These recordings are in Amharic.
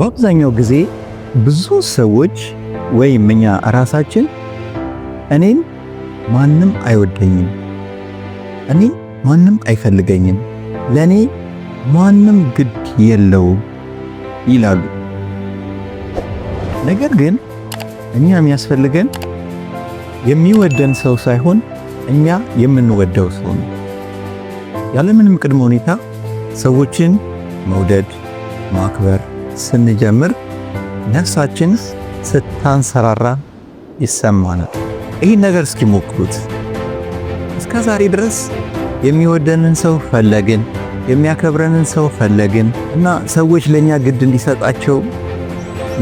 በአብዛኛው ጊዜ ብዙ ሰዎች ወይም እኛ ራሳችን እኔን ማንም አይወደኝም፣ እኔ ማንም አይፈልገኝም፣ ለእኔ ማንም ግድ የለውም ይላሉ። ነገር ግን እኛ የሚያስፈልገን የሚወደን ሰው ሳይሆን እኛ የምንወደው ሰው ነው። ያለምንም ቅድመ ሁኔታ ሰዎችን መውደድ ማክበር ስንጀምር ነፍሳችን ስታንሰራራ ይሰማናል። ይህን ነገር እስኪሞክሩት። እስከ ዛሬ ድረስ የሚወደንን ሰው ፈለግን፣ የሚያከብረንን ሰው ፈለግን እና ሰዎች ለኛ ግድ እንዲሰጣቸው፣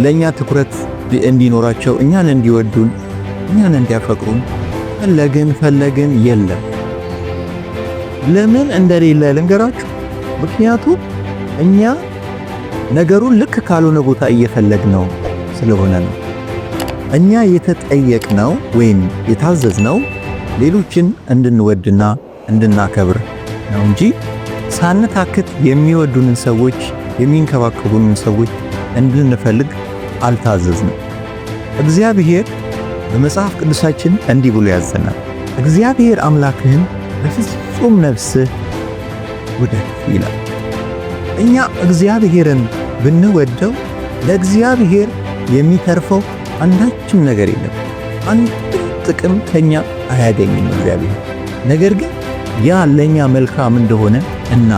ለኛ ትኩረት እንዲኖራቸው፣ እኛን እንዲወዱን፣ እኛን እንዲያፈቅሩን ፈለግን ፈለግን። የለም። ለምን እንደሌለ ልንገራችሁ። ምክንያቱም እኛ ነገሩን ልክ ካልሆነ ቦታ እየፈለግነው ስለሆነ ነው። እኛ የተጠየቅነው ወይም የታዘዝነው ሌሎችን እንድንወድና እንድናከብር ነው እንጂ ሳንታክት የሚወዱንን ሰዎች የሚንከባከቡንን ሰዎች እንድንፈልግ አልታዘዝንም። እግዚአብሔር በመጽሐፍ ቅዱሳችን እንዲህ ብሎ ያዘናል። እግዚአብሔር አምላክህን በፍጹም ነፍስህ ውደድ ይላል። እኛ እግዚአብሔርን ብንወደው ለእግዚአብሔር የሚተርፈው አንዳችም ነገር የለም። አንድም ጥቅም ከኛ አያገኝም እግዚአብሔር። ነገር ግን ያ ለእኛ መልካም እንደሆነ እና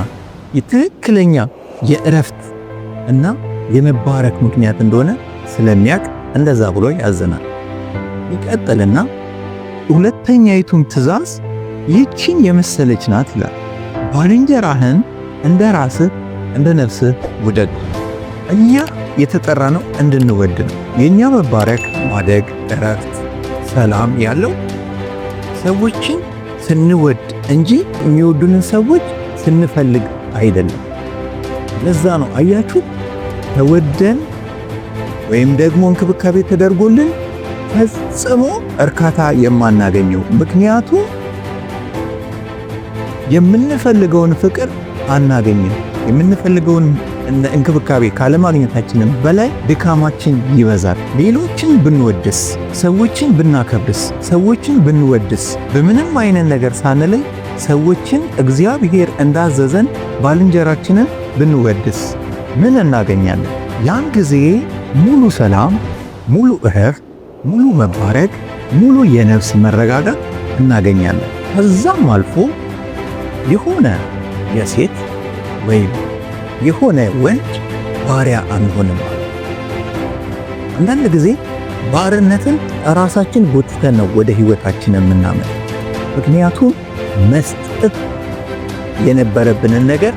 የትክክለኛ የእረፍት እና የመባረክ ምክንያት እንደሆነ ስለሚያቅ እንደዛ ብሎ ያዘናል። ይቀጥልና ሁለተኛይቱም ትእዛዝ ይህችን የመሰለች ናት ይላል ባልንጀራህን እንደ ራስህ እንደ ነፍስህ ውደድ። እኛ የተጠራ ነው እንድንወድ ነው። የእኛ መባረክ፣ ማደግ፣ እረፍት፣ ሰላም ያለው ሰዎችን ስንወድ እንጂ የሚወዱንን ሰዎች ስንፈልግ አይደለም። ለዛ ነው አያችሁ ተወደን ወይም ደግሞ እንክብካቤ ተደርጎልን ፈጽሞ እርካታ የማናገኘው ምክንያቱ የምንፈልገውን ፍቅር አናገኝም። የምንፈልገውን እንክብካቤ ካለማግኘታችንም በላይ ድካማችን ይበዛል። ሌሎችን ብንወድስ፣ ሰዎችን ብናከብርስ፣ ሰዎችን ብንወድስ፣ በምንም አይነት ነገር ሳንለይ ሰዎችን እግዚአብሔር እንዳዘዘን ባልንጀራችንን ብንወድስ ምን እናገኛለን? ያን ጊዜ ሙሉ ሰላም፣ ሙሉ እረፍት፣ ሙሉ መባረክ፣ ሙሉ የነፍስ መረጋጋት እናገኛለን። ከዛም አልፎ የሆነ የሴት ወይም የሆነ ወንድ ባሪያ አንሆንም። አንዳንድ ጊዜ ባርነትን ራሳችን ጎትተን ነው ወደ ህይወታችን የምናመጥ። ምክንያቱም መስጠት የነበረብንን ነገር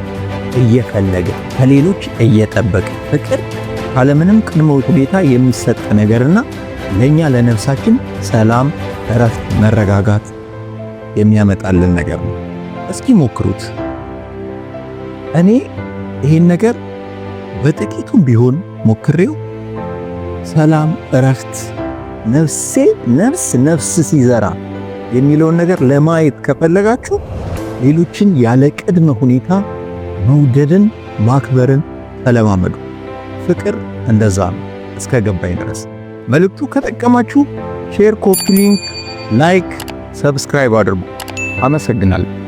እየፈለገ ከሌሎች እየጠበቀ ፍቅር ካለምንም ቅድመ ሁኔታ የሚሰጥ ነገርና ለእኛ ለነፍሳችን ሰላም፣ እረፍት፣ መረጋጋት የሚያመጣልን ነገር ነው። እስኪ ሞክሩት። እኔ ይህን ነገር በጥቂቱም ቢሆን ሞክሬው ሰላም፣ እረፍት፣ ነፍሴ ነፍስ ነፍስ ሲዘራ የሚለውን ነገር ለማየት ከፈለጋችሁ ሌሎችን ያለ ቅድመ ሁኔታ መውደድን ማክበርን ተለማመዱ። ፍቅር እንደዛ ነው። እስከ ገባኝ ድረስ መልእክቱ ከጠቀማችሁ ሼር፣ ኮፒ ሊንክ፣ ላይክ፣ ሰብስክራይብ አድርጉ። አመሰግናለሁ።